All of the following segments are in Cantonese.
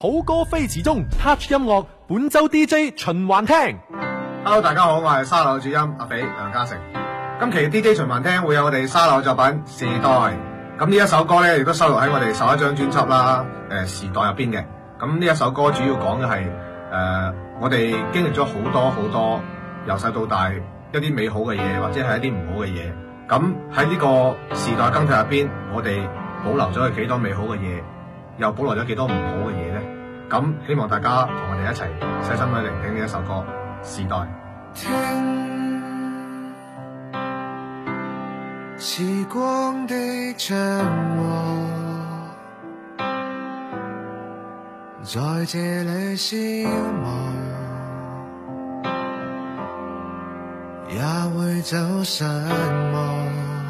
好歌飛馳中 Touch 音樂本周 DJ 循環聽，Hello 大家好，我係沙漏主音阿肥梁嘉誠，今期 DJ 循環聽會有我哋沙漏作品《時代》。咁呢一首歌咧，亦都收錄喺我哋首一張專輯啦，誒、呃，《時代》入邊嘅。咁呢一首歌主要講嘅係誒，我哋經歷咗好多好多，由細到大一啲美好嘅嘢，或者係一啲唔好嘅嘢。咁喺呢個時代更替入邊，我哋保留咗係幾多美好嘅嘢，又保留咗幾多唔好嘅嘢。咁希望大家同我哋一齊細心去聆聽呢一首歌時代。聽時光的長河在這裏消磨也會走神望。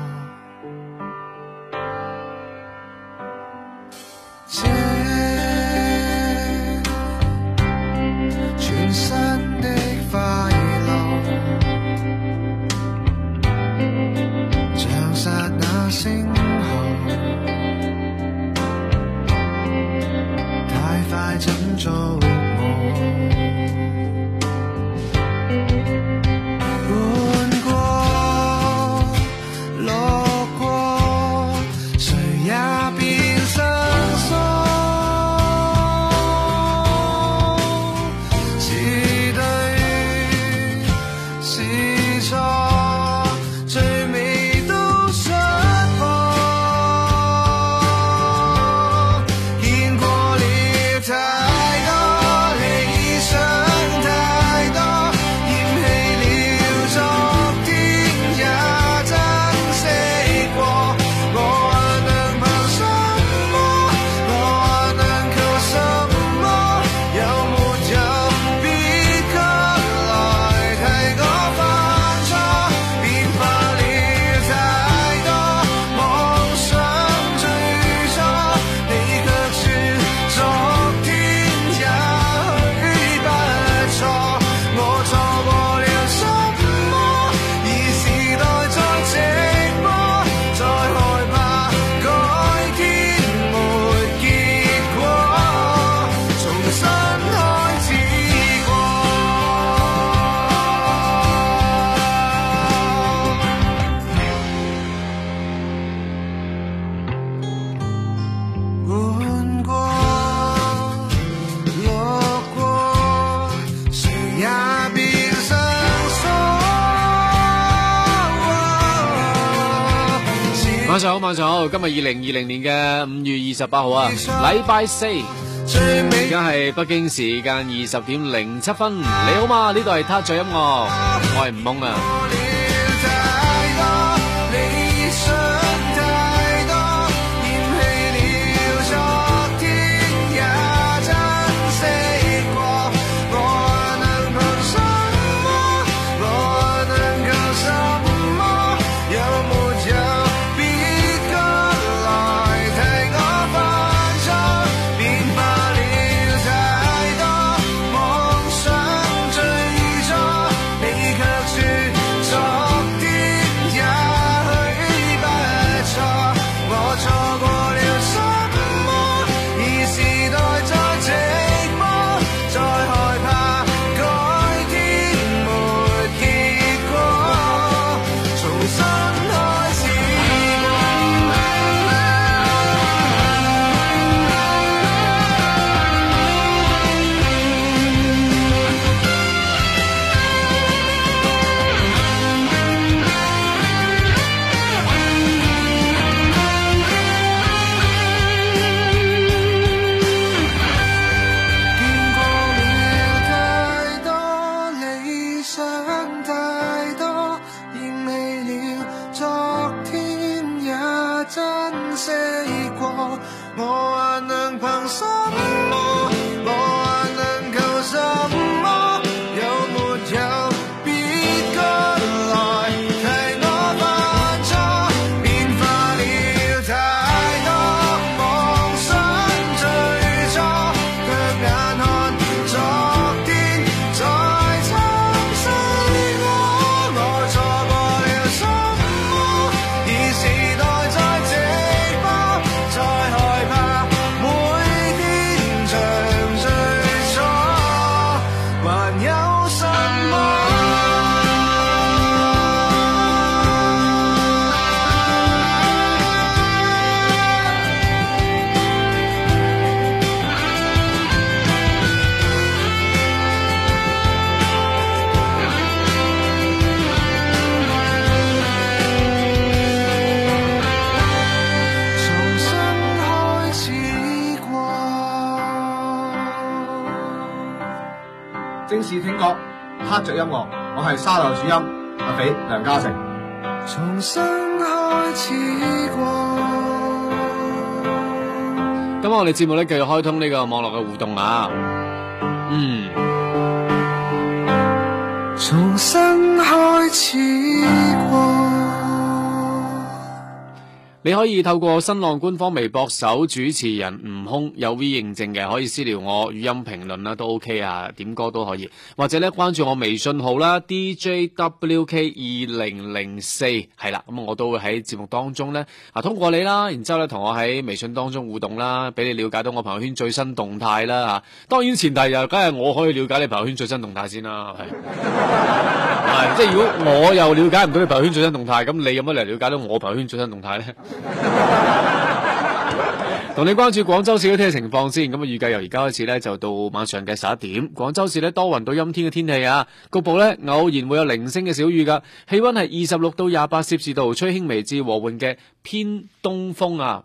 晚上好，晚上好，今日二零二零年嘅五月二十八號啊，禮拜四，而家係北京時間二十點零七分，你好嘛？呢度係他最音樂，我係吳夢啊。着音樂，我係沙漏主音阿肥梁嘉誠。重新開始過。咁我哋節目咧繼續開通呢個網絡嘅互動啊，嗯。重新開始過。你可以透過新浪官方微博搜主持人悟空有 V 認證嘅，可以私聊我語音評論啦，都 OK 啊，點歌都可以，或者咧關注我微信號啦，DJWK 二零零四係啦，咁我都會喺節目當中咧啊通過你啦，然之後咧同我喺微信當中互動啦，俾你了解到我朋友圈最新動態啦吓，當然前提又梗係我可以了解你朋友圈最新動態先啦，係 即係如果我又了解唔到你朋友圈最新動態，咁你有乜理由了解到我朋友圈最新動態咧？同 你關注廣州市嘅天氣情況先，咁啊預計由而家開始呢，就到晚上嘅十一點，廣州市呢，多雲到陰天嘅天氣啊，局部呢偶然會有零星嘅小雨噶，氣溫係二十六到廿八攝氏度，吹輕微至和緩嘅偏東風啊。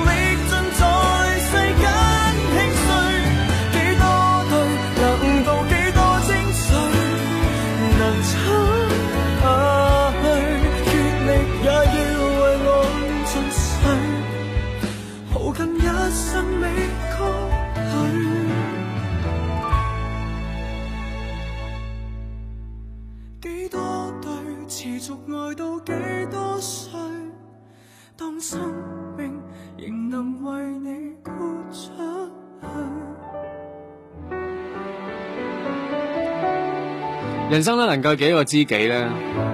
人生咧能夠幾個知己咧，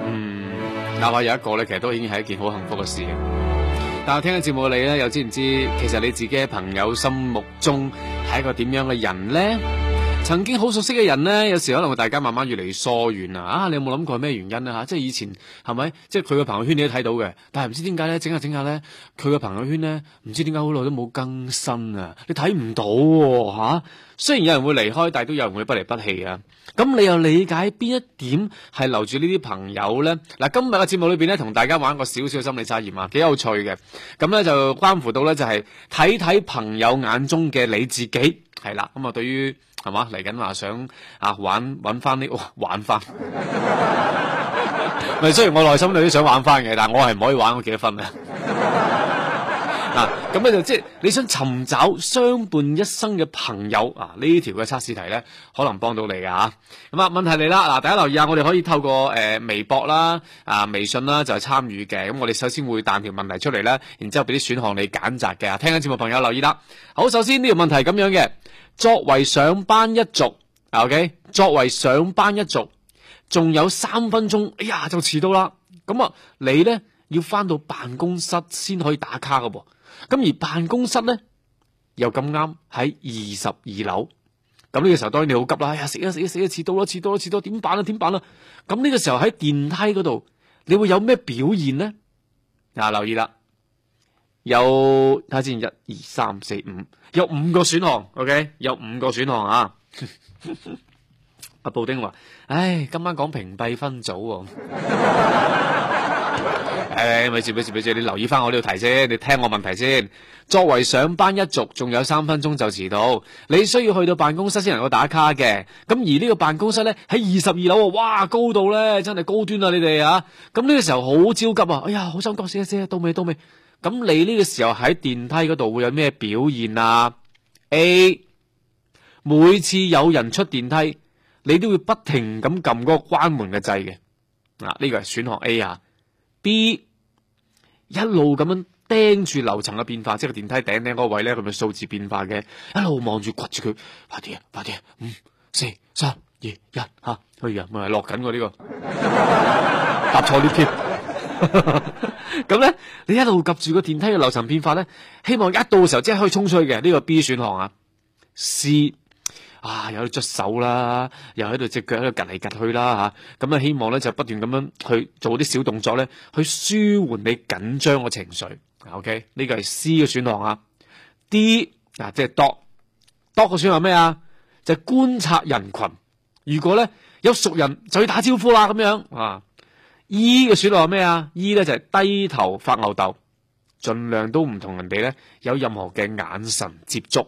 嗯，哪怕有一個咧，其實都已經係一件好幸福嘅事嘅。但係聽緊節目你咧，又知唔知其實你自己喺朋友心目中係一個點樣嘅人咧？曾經好熟悉嘅人呢，有時可能會大家慢慢越嚟越疏遠啊，啊你有冇諗過咩原因啊，啊即係以前係咪？即係佢嘅朋友圈你都睇到嘅，但係唔知點解呢？整下整下呢，佢嘅朋友圈呢，唔知點解好耐都冇更新啊！你睇唔到吓、啊啊，雖然有人會離開，但係都有人會不離不棄啊。咁你又理解邊一點係留住呢啲朋友呢？嗱、啊，今日嘅節目裏邊呢，同大家玩個小小嘅心理測驗啊，幾有趣嘅。咁呢，就關乎到呢，就係睇睇朋友眼中嘅你自己。係啦，咁啊，對於係嘛嚟緊話想啊玩揾翻啲玩翻，咪、哦、 雖然我內心對於想玩翻嘅，但係我係唔可以玩，我幾多分嘅？ 咁、啊、咧就即係你想尋找相伴一生嘅朋友，啊呢條嘅測試題呢可能幫到你噶嚇，咁啊，啊問題嚟啦，嗱、啊、大家留意下，我哋可以透過、呃、微博啦、啊微信啦就係參與嘅。咁、啊、我哋首先會彈條問題出嚟啦，然之後俾啲選項你揀擇嘅。聽緊節目朋友留意啦。好，首先呢條問題咁樣嘅，作為上班一族，啊 OK，作為上班一族，仲有三分鐘，哎呀就遲到啦。咁啊你呢，要翻到辦公室先可以打卡噶噃、啊。咁而辦公室咧又咁啱喺二十二樓，咁、這、呢個時候當然你好急啦，哎、呀死啦、啊、死啦、啊、死啦、啊，遲到啦遲到啦遲到，點辦啊點辦啊！咁呢、啊這個時候喺電梯嗰度，你會有咩表現呢？啊，留意啦，有睇下先，一二三四五，有五個選項，OK，有五個選項啊。阿、 啊、布丁話、啊：，唉，今晚講屏蔽分組、啊。 誒、哎，咪接咪接咪接！你留意翻我呢個題先，你聽我問題先。作為上班一族，仲有三分鐘就遲到，你需要去到辦公室先能夠打卡嘅。咁而呢個辦公室咧喺二十二樓，哇，高到咧真係高端啊！你哋啊，咁、這、呢個時候好焦急啊！哎呀，好心急，死啊死啊！到尾到尾，咁你呢個時候喺電梯嗰度會有咩表現啊？A，每次有人出電梯，你都會不停咁撳嗰個關門嘅掣嘅。嗱，呢個係選項 A 啊。B 一路咁樣盯住樓層嘅變化，即係電梯頂頂嗰個位咧，佢咪數字變化嘅，一路望住掘住佢，快啲，快啲，五、四、三、二、一，吓，可以啊，唔係落緊嘅呢個，搭 錯 lift 咁咧，你一路夾住個電梯嘅樓層變化咧，希望一到時候即係可以衝出去嘅呢個 B 選項啊，C。啊，又喺度捽手啦，又喺度隻腳喺度趌嚟趌去啦吓，咁啊，啊，啊，啊，啊希望咧就不斷咁樣去做啲小動作咧，去舒緩你緊張嘅情緒。OK，呢個係 C 嘅選項啊。D 啊，即係 D，D 嘅選項咩啊？就係、觀察人群。如果咧有熟人，就要打招呼啦，咁樣啊。E 嘅選項係咩啊？E 咧就係、係、低頭發吽斗，盡量都唔同人哋咧有任何嘅眼神接觸。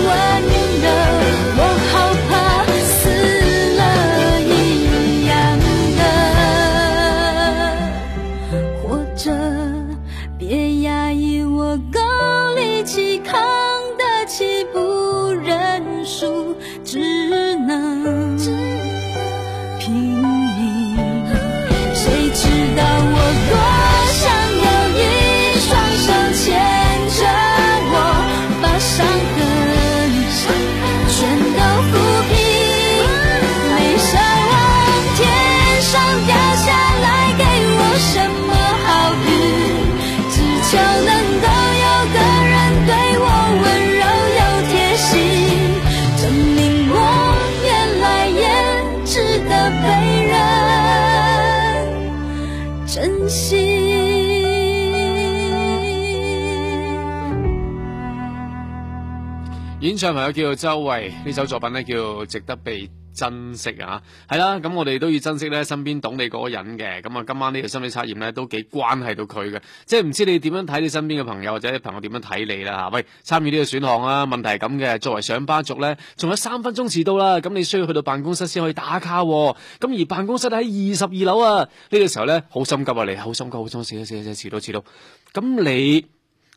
呢位朋友叫做周慧，呢首作品呢，叫《值得被珍惜》啊，係啦，咁我哋都要珍惜咧身邊懂你嗰個人嘅。咁啊，今晚呢個心理測驗咧都幾關係到佢嘅，即係唔知你點樣睇你身邊嘅朋友，或者朋友點樣睇你啦，喂，參與呢個選項啊，問題係咁嘅。作為上班族呢，仲有三分鐘遲到啦，咁你需要去到辦公室先可以打卡。咁而辦公室喺二十二樓啊，呢個時候呢，好心急啊，你好心急，好心急，死啦死啦，遲到遲到。咁你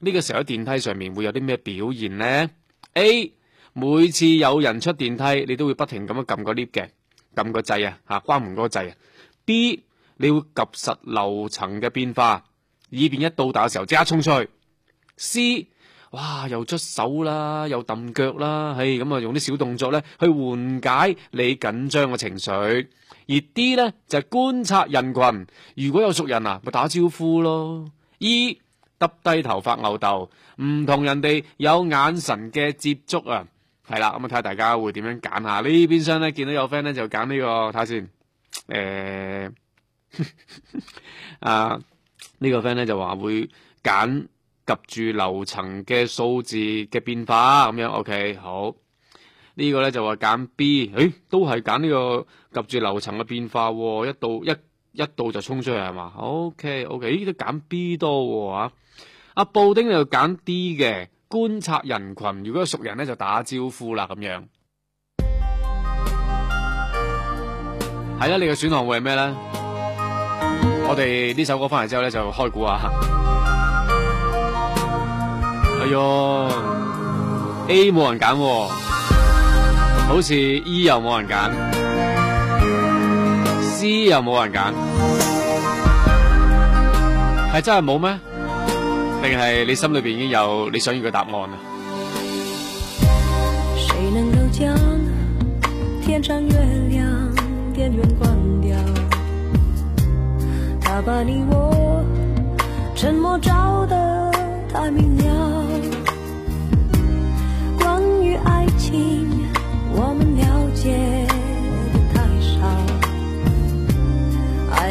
呢個時候喺電梯上面會有啲咩表現呢？A 每次有人出電梯，你都會不停咁樣撳個 lift 嘅，撳個掣啊，吓關門個掣啊。B 你會及實樓層嘅變化，以便一到達嘅時候即刻衝出去。C 哇，又出手啦，又揼腳啦，嘿，咁啊用啲小動作咧去緩解你緊張嘅情緒。而 D 咧就係、是、觀察人群，如果有熟人啊，咪打招呼咯。E 耷低頭發吽豆，唔同人哋有眼神嘅接觸啊，係啦，咁啊睇下大家會點樣揀下呢邊箱咧？見到有 friend 咧就揀呢、這個，睇下先，誒、欸， 啊呢、這個 friend 咧就話會揀及住樓層嘅數字嘅變化咁樣，OK，好呢、這個咧就話揀 B，誒、欸，都係揀呢個及住樓層嘅變化，一到一。一到就衝出去係嘛？OK OK，咦都揀 B 多喎啊！阿布丁又揀 D 嘅觀察人群，如果有熟人咧就打招呼啦咁樣。係啦、 啊，你嘅選項會係咩咧？我哋呢首歌翻嚟之後咧就開估、哎、啊！哎喲，A 冇人揀，好似 E 又冇人揀。知又冇人揀，係真係冇咩？定係你心裏邊已經有你想要嘅答案啊？誰能夠將天上月亮電源關掉？他把你我沉默照得太明了。關於愛情，我們了解。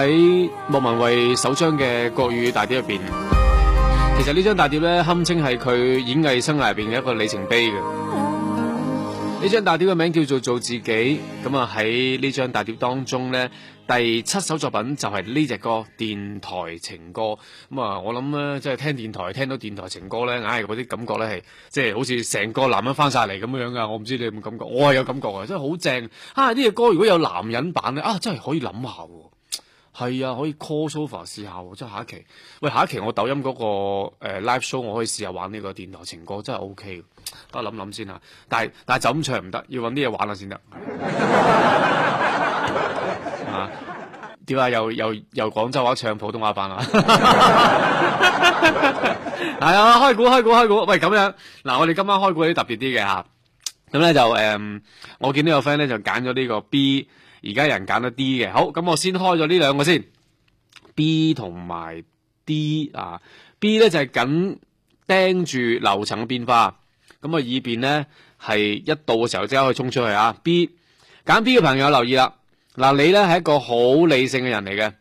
喺莫文蔚首張嘅國語大碟，入邊，其實呢張大碟咧堪稱係佢演藝生涯入邊嘅一個里程碑嘅。呢張大碟嘅名叫做做自己。咁啊喺呢張大碟當中咧，第七首作品就係呢隻歌《電台情歌》。咁啊，我諗咧即係聽電台聽到電台情歌咧，硬係嗰啲感覺咧係即係好似成個男人翻晒嚟咁樣噶。我唔知你有冇感覺，我係有感覺啊，真係好正啊！呢隻歌如果有男人版咧，啊真係可以諗下。係啊，可以 call sofa 試下，即係下一期。喂，下一期我抖音嗰、那個、呃、live show，我可以試下玩呢個電台情歌，真係 O K 嘅。得諗諗先 啊，但係但係就咁唱唔得，要揾啲嘢玩啦先得。嚇？點解又又又廣州話唱普通話版啊？係 啊！開估開估開估。喂，咁樣嗱，我哋今晚開估啲特別啲嘅吓。咁咧就誒、呃，我見呢個 friend 咧就揀咗呢個 B。而家人揀咗 D 嘅，好，咁我先開咗呢兩個先，B 同埋 D 啊，B 咧就係、是、緊盯住樓層嘅變化，咁啊以便咧係一到嘅時候即刻可以衝出去啊！B 揀 B 嘅朋友留意啦，嗱、啊、你咧係一個好理性嘅人嚟嘅，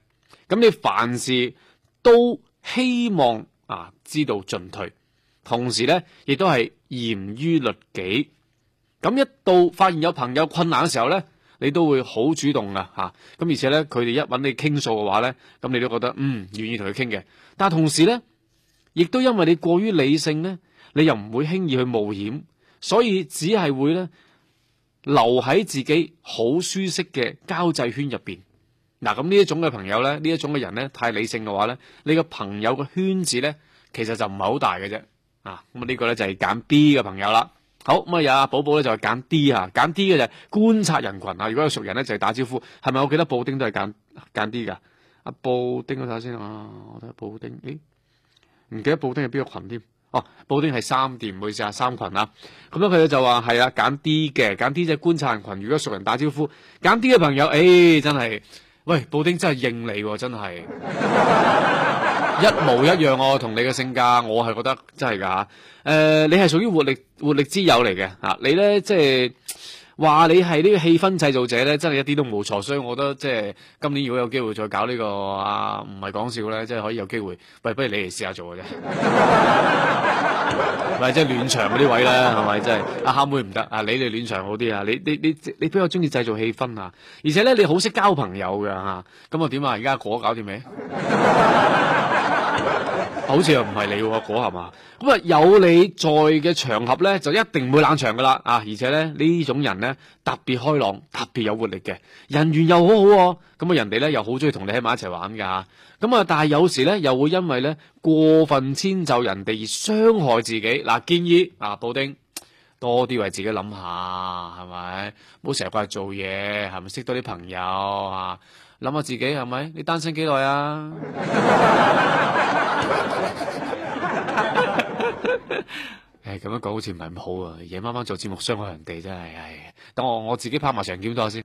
咁你凡事都希望啊知道進退，同時咧亦都係嚴於律己，咁一到發現有朋友困難嘅時候咧。你都會好主動啊吓，咁而且咧，佢哋一搵你傾訴嘅話咧，咁你都覺得嗯願意同佢傾嘅，但同時咧，亦都因為你過於理性咧，你又唔會輕易去冒險，所以只係會咧留喺自己好舒適嘅交際圈入邊。嗱、啊，咁呢一種嘅朋友咧，呢一種嘅人咧，太理性嘅話咧，你個朋友嘅圈子咧，其實就唔係好大嘅啫。啊，咁、嗯這個、呢個咧就係、是、揀 B 嘅朋友啦。好咁啊，阿寶寶咧就係揀 D 啊，揀 D 嘅就係觀察人群啊。如果有熟人咧就係打招呼。係咪，我記得布丁都係揀揀 D 噶？阿布丁睇下先啊，我睇下布丁。咦，唔記得布丁係邊個群添？哦，布丁係三點，唔好意思啊，三群啊。咁樣佢就話係啊，揀 D 嘅，揀 D 即係觀察人群。如果熟人打招呼，揀 D 嘅朋友，誒、欸，真係，喂，布丁真係認你，真係。 一模一樣哦、啊，同你嘅性格，我係覺得真係噶嚇。誒，你係屬於活力活力之友嚟嘅嚇。你咧即係話你係呢個氣氛製造者咧，真係一啲都冇錯。所以我覺得即係、就是、今年如果有機會再搞呢、這個啊，唔係講笑咧，即、就、係、是、可以有機會。喂，不如你嚟試下做嘅啫，咪即係暖場嗰啲位啦，係咪即係？阿、就、喊、是啊、妹唔得，啊，你哋暖場好啲啊。你你你你比較中意製造氣氛啊，而且咧你好識交朋友嘅嚇。咁啊點啊？而家嗰搞掂未？ 好似又唔係你喎，嗰係嘛？咁啊，有你在嘅場合呢，就一定唔會冷場噶啦，啊！而且呢，呢種人呢，特別開朗，特別有活力嘅，人緣又好好哦，咁啊人哋呢又好中意同你喺埋一齊玩噶。咁啊，但係有時呢，又會因為呢過分遷就人哋而傷害自己。嗱、啊，建議啊布丁多啲為自己諗下，係咪？唔好成日掛住做嘢，係咪？識多啲朋友啊！諗下自己係咪？你單身幾耐啊？ 唉，咁樣講好似唔係咁好啊！夜晚晚做節目傷害人哋真係，唉！等我我自己拍埋場檢討先。